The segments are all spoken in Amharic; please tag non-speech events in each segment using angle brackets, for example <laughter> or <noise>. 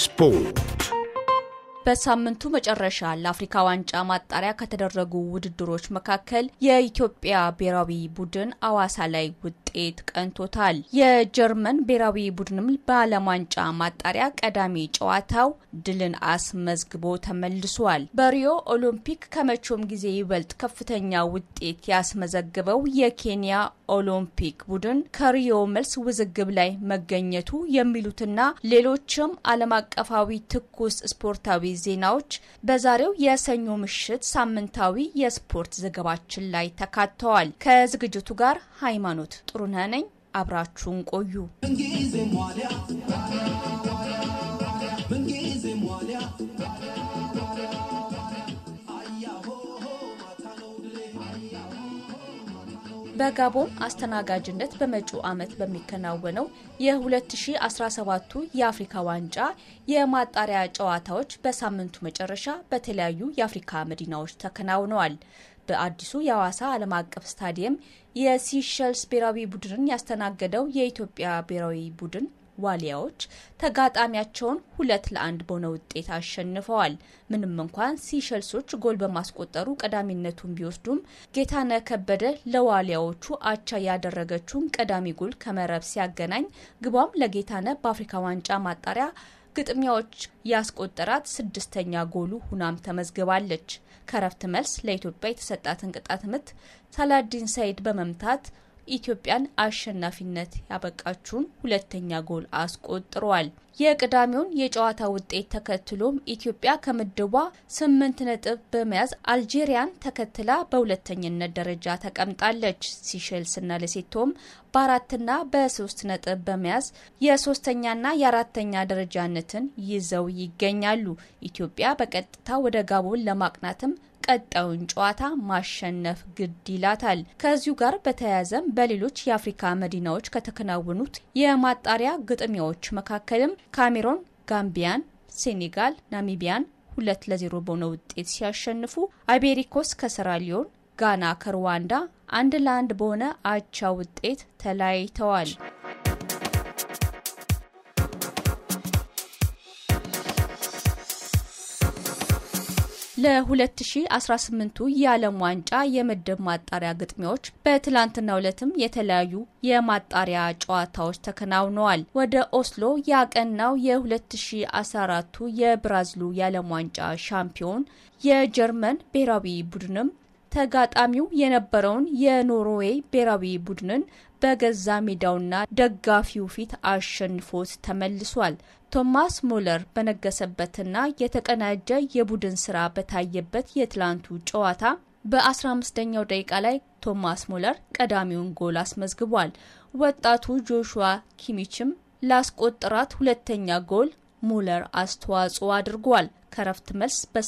ስፖርት በሳምንቱ መጨረሻ ለአፍሪካ ዋንጫ ማጣሪያ ከተደረጉ ውድድሮች መካከል የኢትዮጵያ ብሔራዊ ቡድን አዋሳ ላይ ውጤት ውጤት ቀንቶታል። የጀርመን ብሔራዊ ቡድንም በዓለም ዋንጫ ማጣሪያ ቀዳሚ ጨዋታው ድልን አስመዝግቦ ተመልሷል። በሪዮ ኦሎምፒክ ከመቼውም ጊዜ ይበልጥ ከፍተኛ ውጤት ያስመዘግበው የኬንያ ኦሎምፒክ ቡድን ከሪዮ መልስ ውዝግብ ላይ መገኘቱ የሚሉትና ሌሎችም ዓለም አቀፋዊ ትኩስ ስፖርታዊ ዜናዎች በዛሬው የሰኞ ምሽት ሳምንታዊ የስፖርት ዘገባችን ላይ ተካተዋል። ከዝግጅቱ ጋር ሃይማኖት ጥሩ ጥሩነህ ነኝ። አብራችሁን ቆዩ። በጋቦን አስተናጋጅነት በመጪው ዓመት በሚከናወነው የ2017ቱ የአፍሪካ ዋንጫ የማጣሪያ ጨዋታዎች በሳምንቱ መጨረሻ በተለያዩ የአፍሪካ መዲናዎች ተከናውነዋል። በአዲሱ የሐዋሳ ዓለም አቀፍ ስታዲየም የሲሸልስ ብሔራዊ ቡድንን ያስተናገደው የኢትዮጵያ ብሔራዊ ቡድን ዋሊያዎች ተጋጣሚያቸውን ሁለት ለአንድ በሆነ ውጤት አሸንፈዋል። ምንም እንኳን ሲሸልሶች ጎል በማስቆጠሩ ቀዳሚነቱን ቢወስዱም ጌታነ ከበደ ለዋሊያዎቹ አቻ ያደረገችውን ቀዳሚ ጎል ከመረብ ሲያገናኝ ግቧም ለጌታነ በአፍሪካ ዋንጫ ማጣሪያ ግጥሚያዎች ያስቆጠራት ስድስተኛ ጎሉ ሁናም ተመዝግባለች። ከረፍት መልስ ለኢትዮጵያ የተሰጣትን ቅጣት ምት ሳላዲን ሳይድ በመምታት ኢትዮጵያን አሸናፊነት ያበቃችውን ሁለተኛ ጎል አስቆጥሯል። የቅዳሜውን የጨዋታ ውጤት ተከትሎም ኢትዮጵያ ከምድቧ ስምንት ነጥብ በመያዝ አልጄሪያን ተከትላ በሁለተኝነት ደረጃ ተቀምጣለች። ሲሸልስና ለሴቶም በአራትና በሶስት ነጥብ በመያዝ የሶስተኛና የአራተኛ ደረጃነትን ይዘው ይገኛሉ። ኢትዮጵያ በቀጥታ ወደ ጋቦን ለማቅናትም ቀጣዩን ጨዋታ ማሸነፍ ግድ ይላታል። ከዚሁ ጋር በተያያዘም በሌሎች የአፍሪካ መዲናዎች ከተከናወኑት የማጣሪያ ግጥሚያዎች መካከልም ካሜሮን ጋምቢያን፣ ሴኔጋል ናሚቢያን ሁለት ለዜሮ በሆነ ውጤት ሲያሸንፉ አይቤሪኮስ ከሰራሊዮን፣ ጋና ከሩዋንዳ አንድ ለአንድ በሆነ አቻ ውጤት ተለያይተዋል። ለ2018ቱ የዓለም ዋንጫ የምድብ ማጣሪያ ግጥሚያዎች በትላንትናው ዕለትም የተለያዩ የማጣሪያ ጨዋታዎች ተከናውነዋል። ወደ ኦስሎ ያቀናው የ2014ቱ የብራዚሉ የዓለም ዋንጫ ሻምፒዮን የጀርመን ብሔራዊ ቡድንም ተጋጣሚው የነበረውን የኖርዌይ ብሔራዊ ቡድንን በገዛ ሜዳውና ደጋፊው ፊት አሸንፎት ተመልሷል። ቶማስ ሙለር በነገሰበትና የተቀናጀ የቡድን ስራ በታየበት የትላንቱ ጨዋታ በ15ኛው ደቂቃ ላይ ቶማስ ሙለር ቀዳሚውን ጎል አስመዝግቧል። ወጣቱ ጆሹዋ ኪሚችም ላስቆጠራት ሁለተኛ ጎል ሙለር አስተዋጽኦ አድርጓል። ከረፍት መልስ በ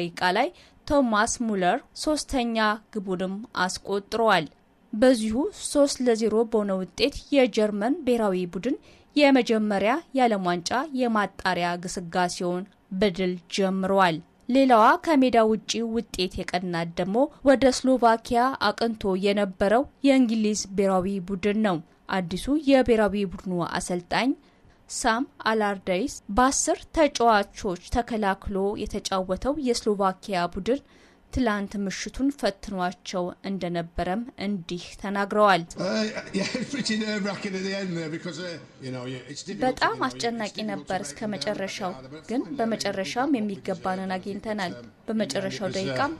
ደቂቃ ላይ ቶማስ ሙለር ሶስተኛ ግቡንም አስቆጥሯል። በዚሁ ሶስት ለዜሮ በሆነ ውጤት የጀርመን ብሔራዊ ቡድን የመጀመሪያ የዓለም ዋንጫ የማጣሪያ ግስጋሴውን በድል ጀምረዋል። ሌላዋ ከሜዳ ውጪ ውጤት የቀናት ደግሞ ወደ ስሎቫኪያ አቅንቶ የነበረው የእንግሊዝ ብሔራዊ ቡድን ነው። አዲሱ የብሔራዊ ቡድኑ አሰልጣኝ ሳም አላርዳይስ በአስር ተጫዋቾች ተከላክሎ የተጫወተው የስሎቫኪያ ቡድን ትላንት ምሽቱን ፈትኗቸው እንደነበረም እንዲህ ተናግረዋል። uh, <laughs> uh, በጣም አስጨናቂ ነበር uh, እስከ መጨረሻው፣ ግን በመጨረሻም የሚገባንን አግኝተናል። በመጨረሻው ደቂቃም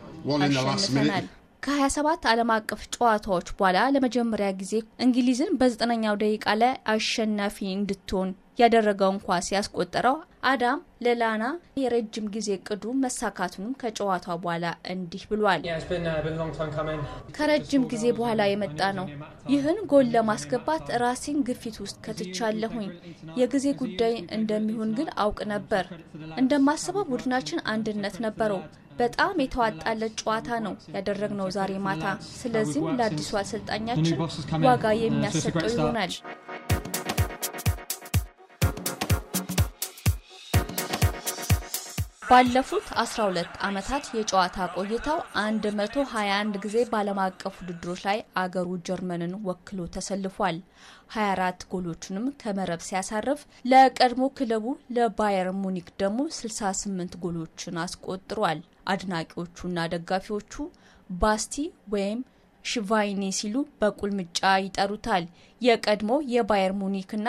አሸንፈናል። ከ27 ዓለም አቀፍ ጨዋታዎች በኋላ ለመጀመሪያ ጊዜ እንግሊዝን በዘጠነኛው ደቂቃ ላይ አሸናፊ እንድትሆን ያደረገውን ኳስ ያስቆጠረው አዳም ለላና የረጅም ጊዜ ቅዱ መሳካቱንም ከጨዋታ በኋላ እንዲህ ብሏል። uh, ከረጅም ጊዜ በኋላ የመጣ ነው። ይህን ጎል ለማስገባት ራሴን ግፊት ውስጥ ከትቻለሁኝ። የጊዜ ጉዳይ እንደሚሆን ግን አውቅ ነበር። እንደማስበው ቡድናችን አንድነት ነበረው። በጣም የተዋጣለት ጨዋታ ነው ያደረግነው ዛሬ ማታ። ስለዚህም ለአዲሱ አሰልጣኛችን ዋጋ የሚያሰጠው ይሆናል። ባለፉት 12 ዓመታት የጨዋታ ቆይታው 121 ጊዜ በዓለም አቀፍ ውድድሮች ላይ አገሩ ጀርመንን ወክሎ ተሰልፏል። 24 ጎሎቹንም ከመረብ ሲያሳርፍ ለቀድሞ ክለቡ ለባየር ሙኒክ ደግሞ 68 ጎሎችን አስቆጥሯል። አድናቂዎቹና ደጋፊዎቹ ባስቲ ወይም ሽቫይኒ ሲሉ በቁልምጫ ይጠሩታል። የቀድሞ የባየር ሙኒክና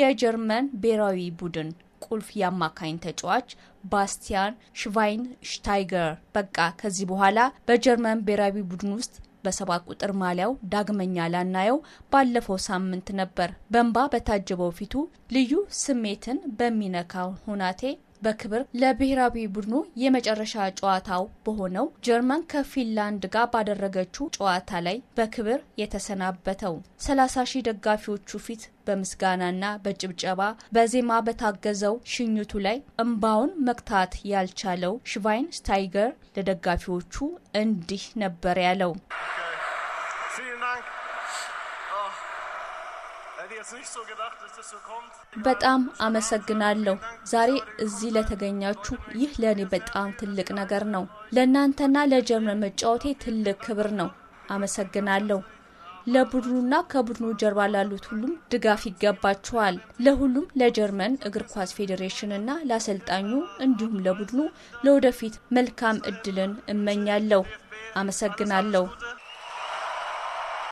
የጀርመን ብሔራዊ ቡድን ቁልፍ የአማካኝ ተጫዋች ባስቲያን ሽቫይን ሽታይገር በቃ ከዚህ በኋላ በጀርመን ብሔራዊ ቡድን ውስጥ በሰባት ቁጥር ማሊያው ዳግመኛ ላናየው ባለፈው ሳምንት ነበር። በንባ በታጀበው ፊቱ ልዩ ስሜትን በሚነካው ሁናቴ በክብር ለብሔራዊ ቡድኑ የመጨረሻ ጨዋታው በሆነው ጀርመን ከፊንላንድ ጋር ባደረገችው ጨዋታ ላይ በክብር የተሰናበተው። 30 ሺህ ደጋፊዎቹ ፊት በምስጋናና በጭብጨባ በዜማ በታገዘው ሽኝቱ ላይ እምባውን መክታት ያልቻለው ሽቫይን ስታይገር ለደጋፊዎቹ እንዲህ ነበር ያለው። በጣም አመሰግናለሁ። ዛሬ እዚህ ለተገኛችሁ ይህ ለእኔ በጣም ትልቅ ነገር ነው። ለእናንተና ለጀርመን መጫወቴ ትልቅ ክብር ነው። አመሰግናለሁ። ለቡድኑና ከቡድኑ ጀርባ ላሉት ሁሉም ድጋፍ ይገባችኋል። ለሁሉም ለጀርመን እግር ኳስ ፌዴሬሽንና ለአሰልጣኙ እንዲሁም ለቡድኑ ለወደፊት መልካም እድልን እመኛለሁ። አመሰግናለሁ።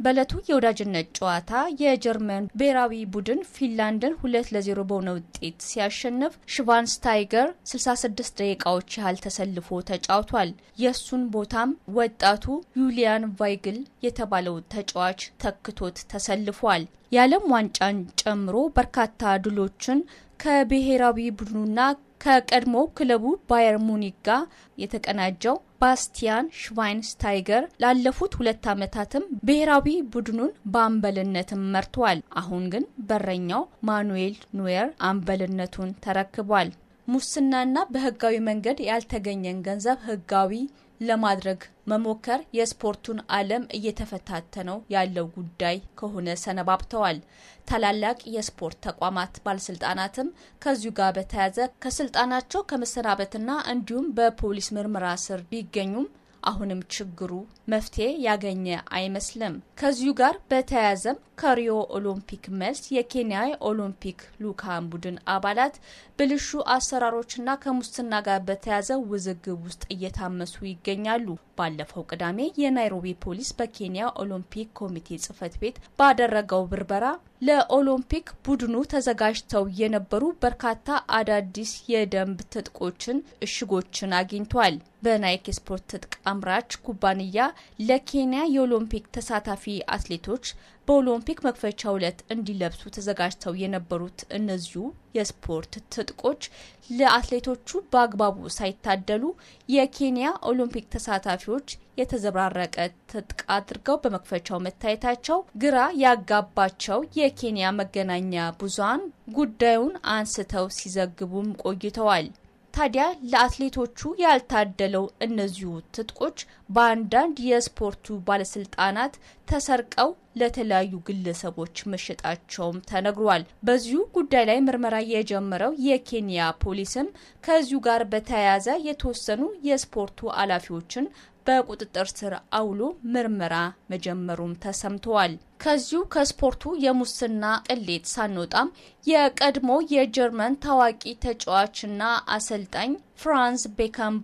በዕለቱ የወዳጅነት ጨዋታ የጀርመን ብሔራዊ ቡድን ፊንላንድን ሁለት ለዜሮ በሆነ ውጤት ሲያሸንፍ ሽቫንስታይገር 66 ደቂቃዎች ያህል ተሰልፎ ተጫውቷል። የእሱን ቦታም ወጣቱ ዩሊያን ቫይግል የተባለው ተጫዋች ተክቶት ተሰልፏል። የዓለም ዋንጫን ጨምሮ በርካታ ድሎችን ከብሔራዊ ቡድኑና ከቀድሞ ክለቡ ባየር ሙኒክ ጋር የተቀናጀው ባስቲያን ሽቫይንስታይገር ላለፉት ሁለት ዓመታትም ብሔራዊ ቡድኑን በአምበልነትም መርተዋል። አሁን ግን በረኛው ማኑኤል ኑዌር አምበልነቱን ተረክቧል። ሙስናና በህጋዊ መንገድ ያልተገኘን ገንዘብ ህጋዊ ለማድረግ መሞከር የስፖርቱን ዓለም እየተፈታተነው ያለው ጉዳይ ከሆነ ሰነባብተዋል። ታላላቅ የስፖርት ተቋማት ባለስልጣናትም ከዚሁ ጋር በተያያዘ ከስልጣናቸው ከመሰናበትና እንዲሁም በፖሊስ ምርመራ ስር ቢገኙም አሁንም ችግሩ መፍትሄ ያገኘ አይመስልም። ከዚሁ ጋር በተያያዘም ከሪዮ ኦሎምፒክ መልስ የኬንያ ኦሎምፒክ ልዑካን ቡድን አባላት ብልሹ አሰራሮችና ከሙስና ጋር በተያያዘ ውዝግብ ውስጥ እየታመሱ ይገኛሉ። ባለፈው ቅዳሜ የናይሮቢ ፖሊስ በኬንያ ኦሎምፒክ ኮሚቴ ጽህፈት ቤት ባደረገው ብርበራ ለኦሎምፒክ ቡድኑ ተዘጋጅተው የነበሩ በርካታ አዳዲስ የደንብ ትጥቆችን፣ እሽጎችን አግኝቷል። በናይክ ስፖርት ትጥቅ አምራች ኩባንያ ለኬንያ የኦሎምፒክ ተሳታፊ አትሌቶች በኦሎምፒክ መክፈቻ ዕለት እንዲለብሱ ተዘጋጅተው የነበሩት እነዚሁ የስፖርት ትጥቆች ለአትሌቶቹ በአግባቡ ሳይታደሉ የኬንያ ኦሎምፒክ ተሳታፊዎች የተዘብራረቀ ትጥቅ አድርገው በመክፈቻው መታየታቸው ግራ ያጋባቸው የኬንያ መገናኛ ብዙሃን ጉዳዩን አንስተው ሲዘግቡም ቆይተዋል። ታዲያ ለአትሌቶቹ ያልታደለው እነዚሁ ትጥቆች በአንዳንድ የስፖርቱ ባለስልጣናት ተሰርቀው ለተለያዩ ግለሰቦች መሸጣቸውም ተነግሯል። በዚሁ ጉዳይ ላይ ምርመራ የጀመረው የኬንያ ፖሊስም ከዚሁ ጋር በተያያዘ የተወሰኑ የስፖርቱ ኃላፊዎችን በቁጥጥር ስር አውሎ ምርመራ መጀመሩም ተሰምተዋል። ከዚሁ ከስፖርቱ የሙስና ቅሌት ሳንወጣም የቀድሞ የጀርመን ታዋቂ ተጫዋችና አሰልጣኝ ፍራንስ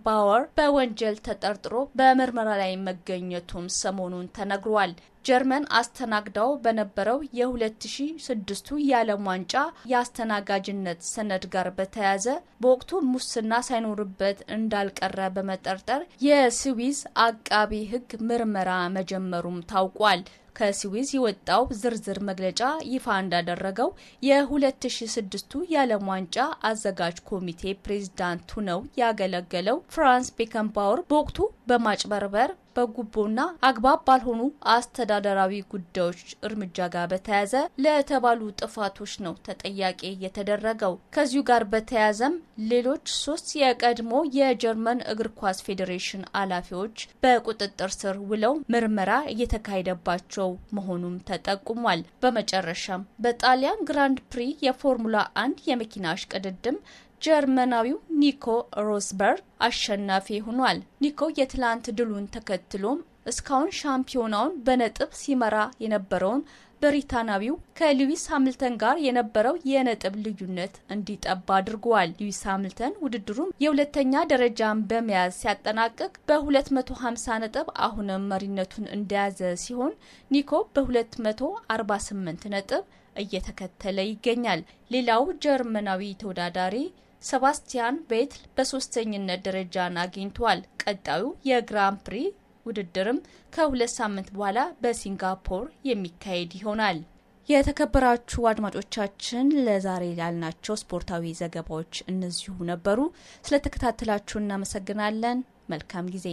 ባወር በወንጀል ተጠርጥሮ በምርመራ ላይ መገኘቱም ሰሞኑን ተነግሯል። ጀርመን አስተናግዳው በነበረው የ2006ቱ የዓለም ዋንጫ የአስተናጋጅነት ሰነድ ጋር በተያያዘ በወቅቱ ሙስና ሳይኖርበት እንዳልቀረ በመጠርጠር የስዊዝ አቃቢ ሕግ ምርመራ መጀመሩም ታውቋል። ከስዊዝ የወጣው ዝርዝር መግለጫ ይፋ እንዳደረገው የ2006ቱ የዓለም ዋንጫ አዘጋጅ ኮሚቴ ፕሬዝዳንቱ ነው ያገለገለው ፍራንስ ቤከንባወር በወቅቱ በማጭበርበር በጉቦና አግባብ ባልሆኑ አስተዳደራዊ ጉዳዮች እርምጃ ጋር በተያያዘ ለተባሉ ጥፋቶች ነው ተጠያቂ የተደረገው። ከዚሁ ጋር በተያያዘም ሌሎች ሶስት የቀድሞ የጀርመን እግር ኳስ ፌዴሬሽን ኃላፊዎች በቁጥጥር ስር ውለው ምርመራ እየተካሄደባቸው መሆኑም ተጠቁሟል። በመጨረሻም በጣሊያን ግራንድ ፕሪ የፎርሙላ አንድ የመኪና አሽቅድድም ጀርመናዊው ኒኮ ሮስበርግ አሸናፊ ሆኗል። ኒኮ የትላንት ድሉን ተከትሎም እስካሁን ሻምፒዮናውን በነጥብ ሲመራ የነበረውን ብሪታናዊው ከሉዊስ ሃምልተን ጋር የነበረው የነጥብ ልዩነት እንዲጠባ አድርጓል። ሉዊስ ሃምልተን ውድድሩም የሁለተኛ ደረጃን በመያዝ ሲያጠናቅቅ በ250 ነጥብ አሁንም መሪነቱን እንደያዘ ሲሆን ኒኮ በ248 ነጥብ እየተከተለ ይገኛል። ሌላው ጀርመናዊ ተወዳዳሪ ሰባስቲያን ቤትል በሶስተኝነት ደረጃን አግኝቷል። ቀጣዩ የግራን ፕሪ ውድድርም ከሁለት ሳምንት በኋላ በሲንጋፖር የሚካሄድ ይሆናል። የተከበራችሁ አድማጮቻችን ለዛሬ ያልናቸው ስፖርታዊ ዘገባዎች እነዚሁ ነበሩ። ስለተከታተላችሁ እናመሰግናለን። መልካም ጊዜ